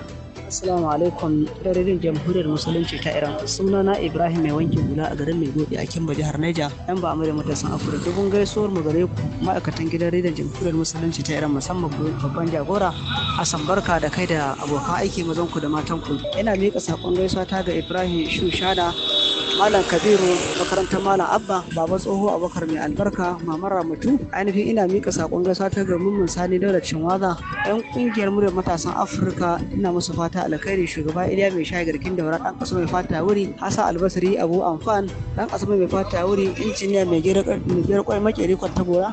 Assalamu alaikum dararin jamhuriyar musulunci ta Iran. Sunana Ibrahim mai wankin hula a garin Maigodi a Kimba jihar Niger. Yan ba da matasan Afirka dubun gaisuwar mu gare ku ma'aikatan gidan rediyon jamhuriyar musulunci ta Iran musamman babban jagora Hassan Barka da kai da abokan aiki zan ku da matan ku. Ina mika sakon gaisuwa ta ga Ibrahim Shushada Malam Kabiru makarantar Malam Abba Baba Tsoho Abubakar mai albarka Mamar Ramatu ainihin ina mika sakon gaisuwa ta ga Mummun Sani Dauda Cinwaza yan kungiyar muryar matasan Afirka ina musu fata ta alkhairi shugaba Iliya mai shayi garkin daura dan kaso mai fata wuri Hassan Albasari Abu Amfan dan kaso mai fata wuri injiniya mai gera kwai makeri kwanta gora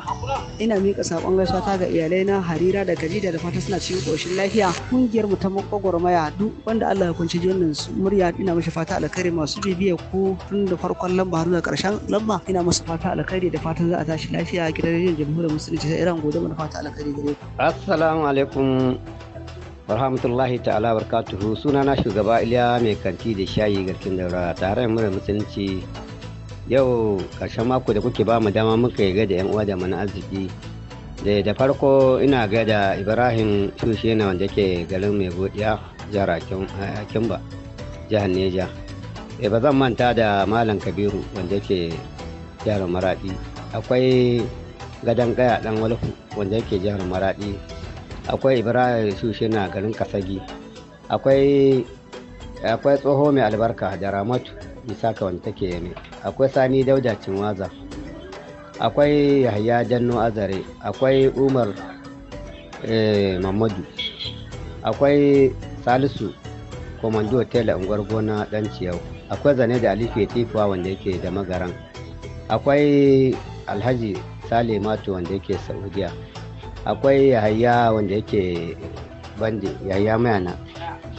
ina mika sakon gaisuwa ta ga iyalai na Harira da Khadija da fata suna cikin koshin lafiya kungiyar mu ta maya duk wanda Allah ya kunci jinnin su murya ina mishi fata alkhairi masu bibiya ko tun da farkon lamba har zuwa karshen lamba ina musu fata alkhairi da fatan za a tashi lafiya gidan rediyon jamhuriyar musulunci sai iran gobe mana fata alkhairi gare ku assalamu alaikum warhamtullahi ta'ala barkatuhu sunana shugaba iliya mai kanti da shayi garkin daura tare da mura musulunci yau karshen mako da kuke ba mu dama muka yi gada yan uwa da mana arziki da farko ina gada ibrahim shushe na wanda ke garin mai godiya jihar kimba eh, jihar neja e ba zan manta da malam kabiru wanda ke jihar maradi akwai gadon kaya dan walfu wanda ke jihar maradi akwai ibrahim yusuf na garin kasagi akwai tsoho mai albarka da ramatu ka wanda take yame akwai sani dauda cin cinwaza akwai yahya janno azare akwai umar eh, mamadu akwai salisu komando tela unguwar gona dan ciyau akwai zane da alifi tifuwa wanda yake da magaran akwai alhaji sale mato wanda yake saudiya akwai yahaya wanda yake bandi yahaya mayana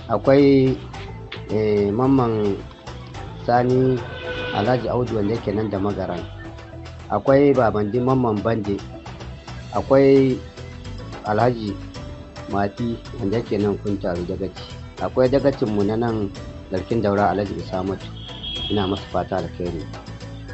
akwai eh, mamman sani alhaji audu wanda yake nan da magaran akwai babandi mamman bandi akwai alhaji mati wanda yake nan kun taru dagaci akwai dagacin mu na nan larkin daura alhaji isamatu ina masa fata da kai ne.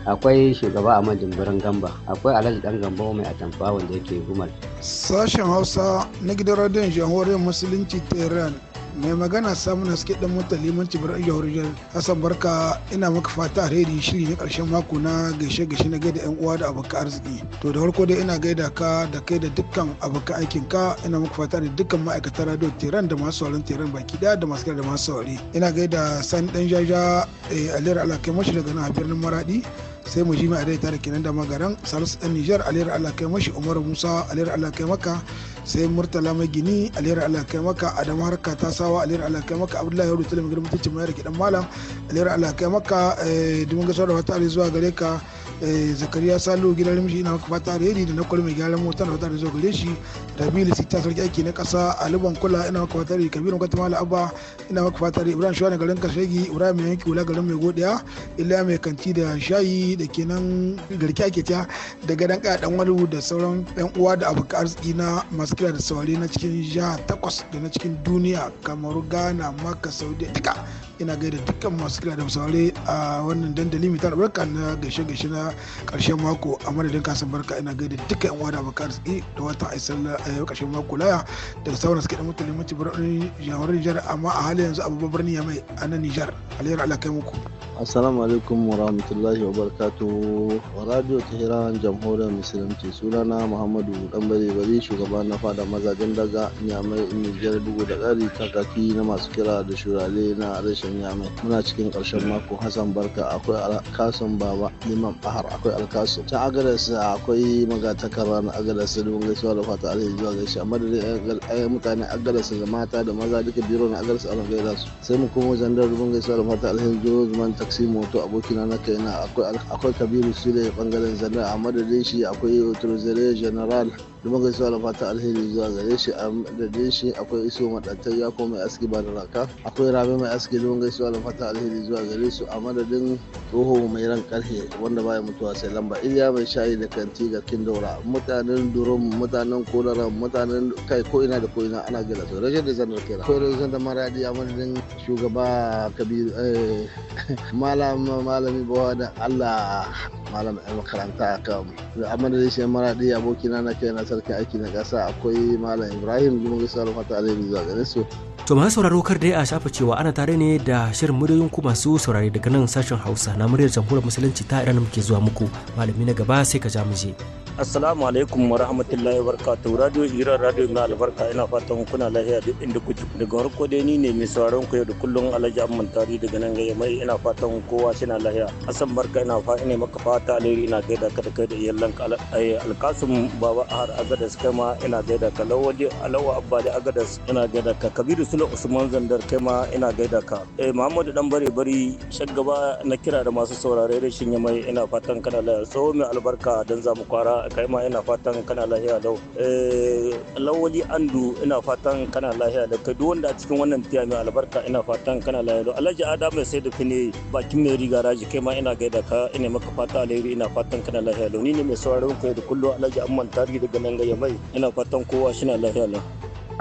akwai shugaba a Dumburin Gamba akwai Alhaji Dan Gambo mai atamfa wanda yake Gumal sashen Hausa na gidan radiyon jamhuriyar musulunci Tehran mai magana samun haske dan mota limanci bar jihar hassan barka ina maka fata alheri shiri na karshen mako na gaishe gaishe na gaida yan uwa da abokan arziki to da farko dai ina gaida ka da kai da dukkan abokan aikin ka ina maka fata da dukkan ma'aikatan radio tehran da masu sauran tehran baki daya da masu da masu saurari ina gaida sani dan jaja eh, aliyar alakai mashi daga nan a birnin maradi sai mu ji mai adai tare kenan da magaran salisu ɗan nijar aliyar allah kai mashi umar musa aliyar allah kai maka sai murtala mai gini aliyar allah kai maka adam harka ta sawa aliyar allah kai maka abdullahi yaro talabijin mutunci mai rike dan malam aliyar allah kai maka eh, dumin gasar da wata zuwa gare ka Eh, zakariya salo gidan rimshi na maka fata alheri da na kwalme gyaran mota na fata da zo gare shi rabilu sita sarki aiki na kasa aliban kula ina maka fata da kabiru gwata abba ina maka fata da ibrahim shuwa garin kashegi ibrahim mai yanki wula garin mai godiya ila mai kanti da shayi da kenan garki ake ta da gadan kaya dan walu da sauran yan uwa da abokan arziki na masu kira da saurari na cikin jiha takwas da na cikin duniya kamar ghana maka saudi duka ina gaida dukkan masu kira da saurare a wannan dandali mai tara barka na gaishe gaishe na karshen mako a madadin kasan barka ina gaida dukkan yan wada baka arziki da wata aisalla a yau eh, karshen mako laya da sauran suke da mutane mace birnin jihar Nijar amma a halin yanzu abubuwan birnin ya mai a nan Nijar alayyar alakai muku. Assalamu alaikum wa rahmatullahi wa barakatuhu Radio hiran Jamhuriyar Musulunci sunana Muhammadu dambare Bari shugaba na fada mazajen daga Nyamai Nijar bugu da ƙari kakaki na masu kira da shurale na rashin sanya yamai muna cikin ƙarshen mako hassan barka akwai alkasun baba liman bahar akwai alkasu ta agadas akwai magatakarar na agadas da mun gaisuwa da fata alhaji zuwa gaishe amma da dai mutane agadas da mata da maza duka biro na agadas a gaida su sai mu kuma wajen da mun gaisuwa da fata alhaji zuwa zuman taxi moto abokina na kaina akwai kabiru su da bangaren zandar da dai shi akwai otoro zare general duma gaisuwa da fata alheri zuwa gare shi a madadin shi akwai iso madattai ya kuma mai aski ba da raka akwai rabe mai aski duma gaisuwa da fata alheri zuwa gare su a madadin tsoho mai ran karhe wanda baya mutuwa sai lamba iliya mai shayi da kanti ga daura mutanen durum mutanen kodara mutanen kai ko ina da ko ina ana gina su rashin da zanar kera akwai rashin da maradi a madadin shugaba kabiru eh, malam malami bawa da allah malam makaranta kan a madadin shi maradi abokina na kai na sarkin aiki na ƙasa akwai malam ibrahim jimar salon ta alheri zuwa gare su to masu sauraro kar dai a shafa cewa ana tare ne da shirin muryoyin ku masu saurari daga nan sashen hausa na muryar jamhuriyar musulunci ta iran muke zuwa muku malami na gaba sai ka ja mu je. Assalamu alaikum wa rahmatullahi wa barakatu Radio Iran Radio na albarka ina fatan kuna lafiya duk inda kuke. Daga farko dai ni ne mai sauraron ku yau da kullun Alhaji Amman Tari daga nan ga mai ina fatan kowa na lafiya. Asan barka ina fa ina maka fata alheri ina gaida ka da kai da iyalan. ka eh, Alkasum Baba Ahar Agadas kai ma ina gaida ka lawaji Alawa da Agadas ina gaida ka Kabiru sulu Usman Zandar kai ma ina gaida ka. Eh Muhammadu Dan Bare Bari shaggaba na kira da masu saurare rashin yamai ina fatan kana lafiya. Tsoho mai albarka dan zamu kwara kai ma ina fatan kana lahiya lau. Eh, Lawali Andu ina fatan kana lahiya da kai duk wanda a cikin wannan tiya mai albarka ina fatan kana lahiya lau. Alhaji Adamu sai da kine bakin mai riga raji kai ma ina gaida ka ina maka fata alheri ina fatan kana lahiya lau. Ni ne mai sauraron kai da kullum Alhaji Amman Tarihi daga nan gaya mai ina fatan kowa shina lahiya lau.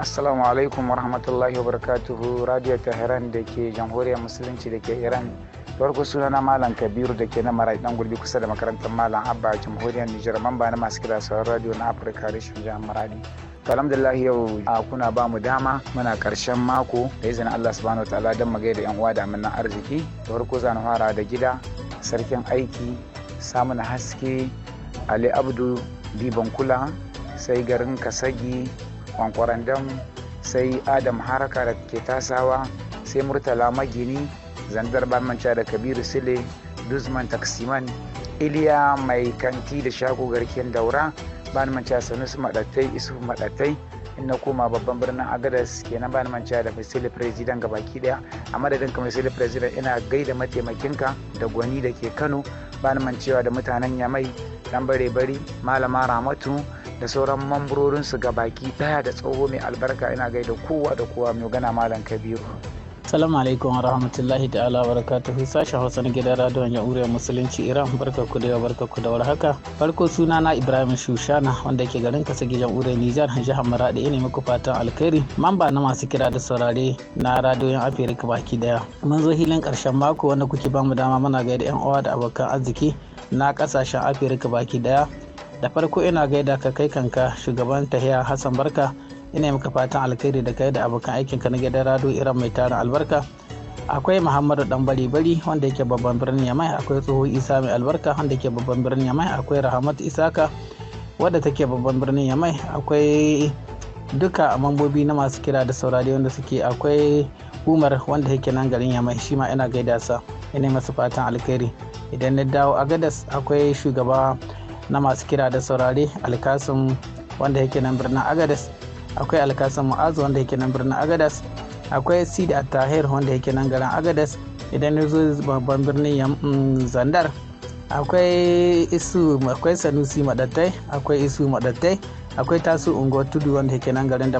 Assalamu alaikum warahmatullahi wabarakatuhu Radio Tehran da ke Jamhuriyar Musulunci da ke Iran farko suna na malam kabiru da ke na mara dan gurbi kusa da makarantar malam abba a jamhuriyar nijar mamba na masu kira sauran radio na afirka rashin jihar maradi alhamdulillah yau a kuna ba mu dama muna karshen mako da izini allah subhanahu ta'ala don mu gaida yan uwa da amina arziki da farko zan fara da gida sarkin aiki samun haske ali abdu diban kula sai garin kasagi kwankwarandam sai adam haraka da ke tasawa sai murtala magini zandar manta da kabiru sile dusman taksiman iliya mai kanti da shago garken daura ban manta sanusu maɗatai isu maɗatai in na koma babban birnin agadas kenan ban manta da misali president ga baki daya a madadin ka misali president ina gaida mataimakin ka da gwani da ke kano ban mancewa da mutanen yamai dan bare bari malama ramatu da sauran mamburorinsu ga baki daya da tsoho mai albarka ina gaida kowa da kowa mai gana malam kabiru Salamu alaikum wa rahmatullahi ta'ala wa barakatuhu sashen Hausa na gidan radiyon Jamhuriyar Musulunci Iran barka ku da barka ku da haka. Farko suna na Ibrahim Shushana wanda ke garin kasa gidan Ure Nijar jihar Maradi ina muku fatan alkhairi. Mamba na masu kira da saurare na radiyon Afirka baki daya. Mun zo hilin karshen mako wanda kuke ba mu dama muna gaida yan uwa da abokan arziki na kasashen Afirka baki daya. Da farko ina gaida ka kai kanka shugaban tahiya Hassan Barka ina maka fatan alkhairi da kai da abokan aikinka na gidan rado iran mai tarin albarka akwai muhammadu dan bari bari wanda yake babban birnin yamai akwai tsoho isa mai albarka wanda yake babban birnin yamai akwai rahmat isaka wadda take babban birnin yamai akwai duka mambobi na masu kira da saurari wanda suke akwai umar wanda yake nan garin yamai shi ma ina gaida sa ina masu fatan alkhairi idan na dawo a gadas akwai shugaba na masu kira da saurari alkasim wanda yake nan birnin agadas akwai alkasan mu'azu wanda yake nan birnin agadas akwai da attahir wanda yake nan garin agadas idan ya zo babban birnin mm, zandar akwai isu akwai sanusi madattai akwai isu madattai akwai tasu ungo tudu wanda yake nan garin da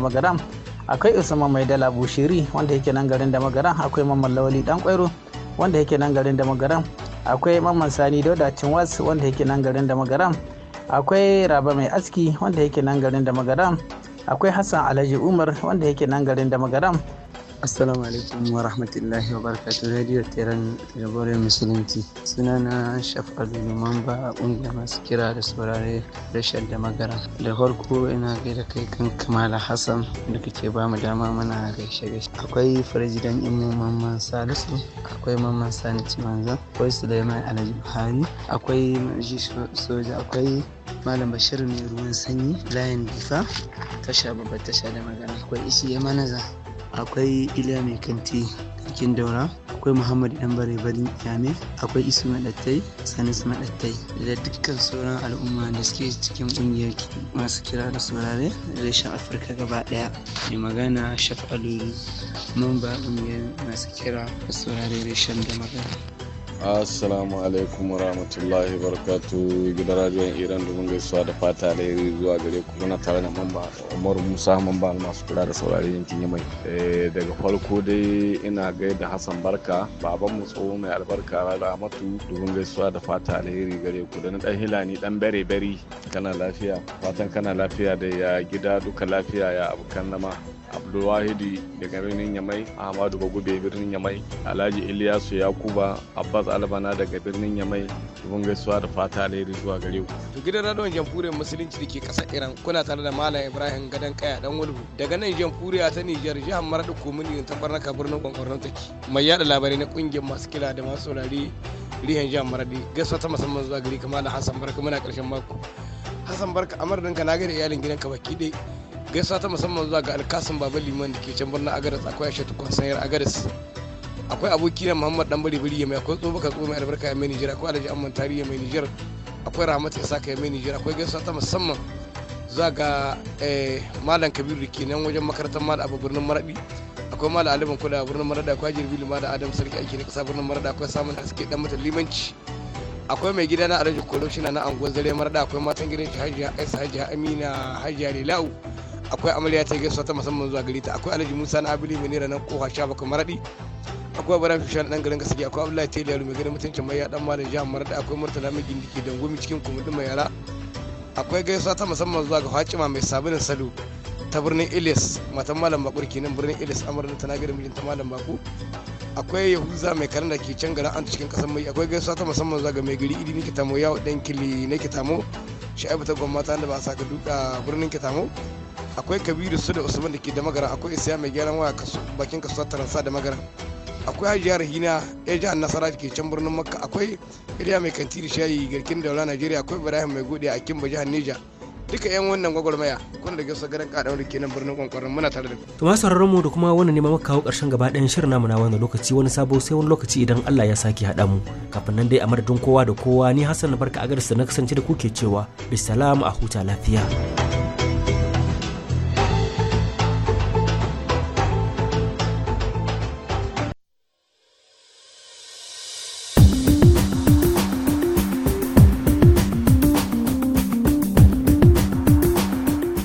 akwai usama mai dala bushiri wanda yake nan garin da magaran akwai mamman lawali dan kwairo wanda yake nan garin da magaran akwai mamman sani dauda cinwas wanda yake nan garin da magaran akwai raba mai aski wanda yake nan garin da magaran akwai hassan alhaji umar wanda yake nan garin da magaram Assalamu alaikum wa rahmatullahi wa barakatuh Radio Tehran Jamhuriyar Musulunci. Sunana da Numan ba ƙungiya masu kira da saurare rashar da magara. Da farko ina gaida kai kan Kamala Hassan da kake ba mu dama mana gaishe gaishe. Akwai farajidan Imu Mamman Salisu, akwai Mamman Sani Cimanza, akwai Suleiman Alhaji Buhari, akwai Maji Soja, akwai Malam Bashir mai ruwan sanyi, Layin Difa, tasha babbar tasha da magana, akwai Isi manaza akwai iliya mai kanti cikin daura akwai muhammad dan bare barin yame akwai isu madattai sanis madattai da dukkan sauran al'umma da suke cikin kungiyar masu kira da saurare reshen afirka gaba daya mai magana shaf alulu mamba kungiyar masu kira da saurare reshen da magana assalamu alaikum wa barakatu gidan radiyon iran domin gaisuwa da fata da zuwa gare ku kuna tare da mamba umar musa mamba masu kula da saurari yankin yamai eh, daga farko dai ina gaida hassan barka baban mu tsoho mai albarka ramatu domin gaisuwa da fata da yare gare ku da na dan hilani dan bere bari kana lafiya fatan kana lafiya da ya gida duka lafiya ya abokan nama abdulwahidi daga birnin yamai ahmadu bagube birnin yamai alhaji iliyasu yakuba abbas albana daga birnin yamai mun gaisuwa da fata alheri zuwa gare ku to gidan radon jamhuriyar musulunci da ke kasar iran kuna tare da malam ibrahim gadan kaya dan wulhu daga nan jamhuriya ta nijar jihar maradu komuni ta barnaka birnin ta take mai yada labarai na kungiyar masu kila da masu saurari rihan jihar maradi gaisuwa ta musamman zuwa gari kamar hassan barka muna karshen mako hassan barka amar ɗinka na gani iyalin gidan ka baki dai gaisuwa ta musamman zuwa ga alkasin baba liman da ke can birnin agadas akwai ashe tukwan sanyar agadas akwai aboki na muhammad dan bari bari mai akwai tsoba ka tsoba mai albarka ya mai nijar akwai alhaji amman tarihi mai nijar akwai rahmat isa ka mai nijar akwai gaisuwa ta musamman zuwa ga eh, malam kabiru da ke nan wajen makarantar malam abu birnin maraɗi akwai malam aliban kula a birnin maraɗi akwai jirbi lima da adam sarki aiki na kasa birnin Maraɗi akwai samun da suke dan mata limanci akwai mai gida na alhaji kolo shi na anguwar zare maradi akwai matan gidan shi hajiya aisa hajiya amina hajiya lilau akwai amarya ta gaisuwa ta musamman zuwa gari ta akwai alhaji musa na abili mai nera nan kofa sha bakwai maradi akwai bara fisha na dan garin kasige akwai abdullahi teliyaru mai garin mutuncin mai ya dan malam jihar maradi akwai murtala mai gindiki dangumi cikin kumudin mai yara akwai gaisuwa ta musamman zuwa ga fatima mai sabulin salo ta birnin ilis matan malam bakur kenan birnin ilis amarin ta mijin ta malam baku akwai yahuza mai karin da ke can garin an cikin kasar mai akwai gaisuwa ta musamman zuwa ga mai gari idi ni kitamo yawo dan kili na kitamo sha'ibu ta gwamnati ta da ba a ka duka birnin kitamo akwai kabiru su da usman da ke da magara akwai isiya mai gyaran waya bakin kasuwar taransa da magara akwai hajiya rahina ya jihar nasara ke can birnin makka akwai iriya mai kanti da shayi garkin daula najeriya akwai ibrahim mai gode a kimba jihar nija duka yan wannan gwagwarmaya kuna da gasa garin kaɗa wani kenan birnin kwankwarin muna tare da ku. to masu mu da kuma wannan neman maka kawo ƙarshen gaba ɗayan shirin namu na wannan lokaci wani sabo sai wani lokaci idan Allah ya sake haɗa mu kafin nan dai a madadin kowa da kowa ni Hassan na barka a garisa na kasance da kuke cewa bisalamu a huta lafiya.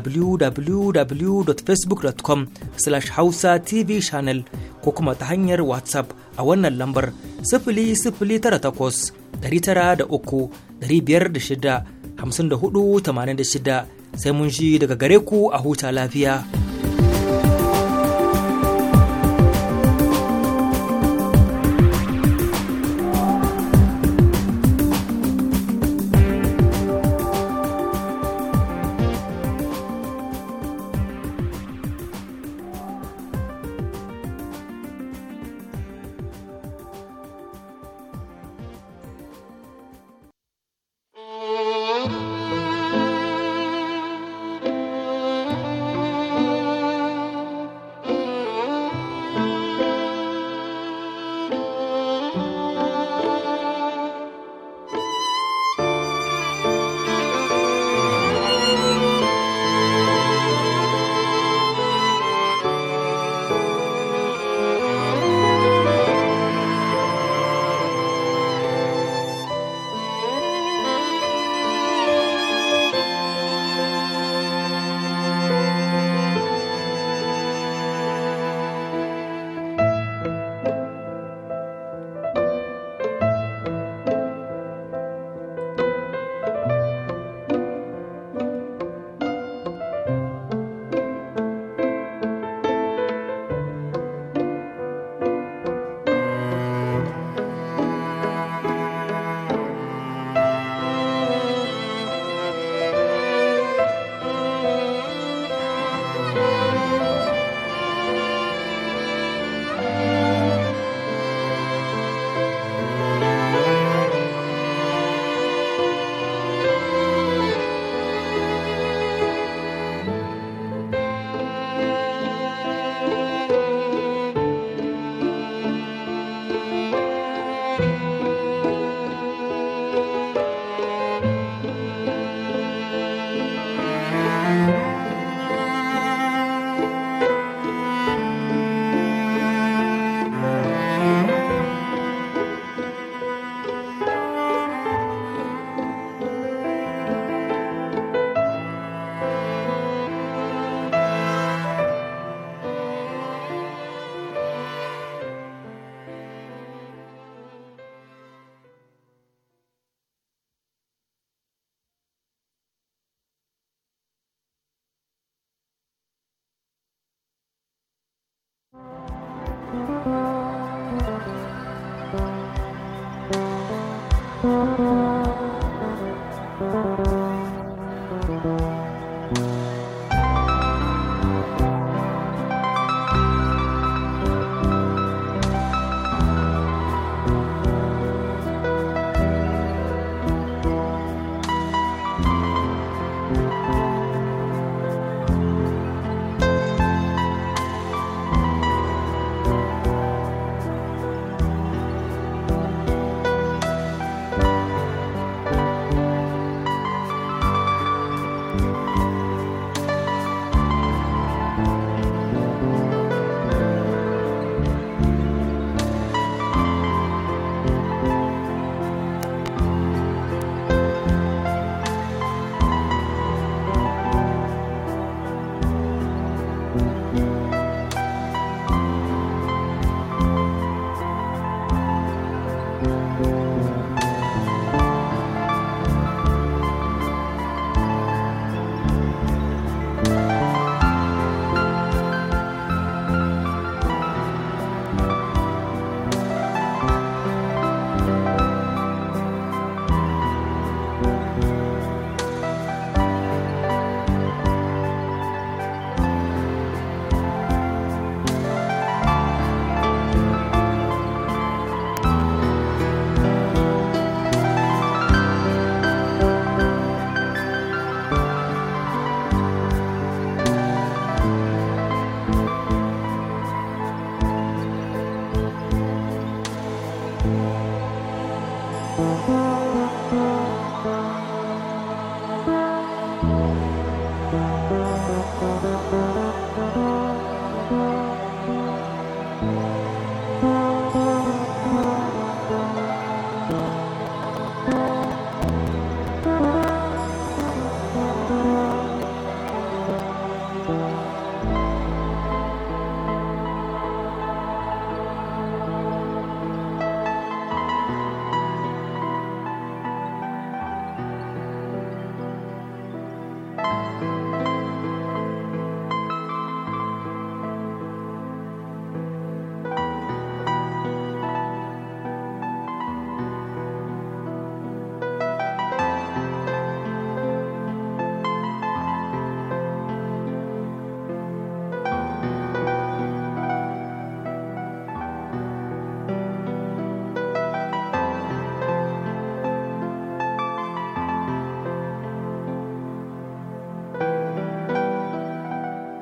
www.facebook.com slash hausa tv channel ko kuma ta hanyar whatsapp a wannan lambar sifili sifili da takwas tara uku shida hamsin da shida sai mun ji daga gare ku a huta lafiya.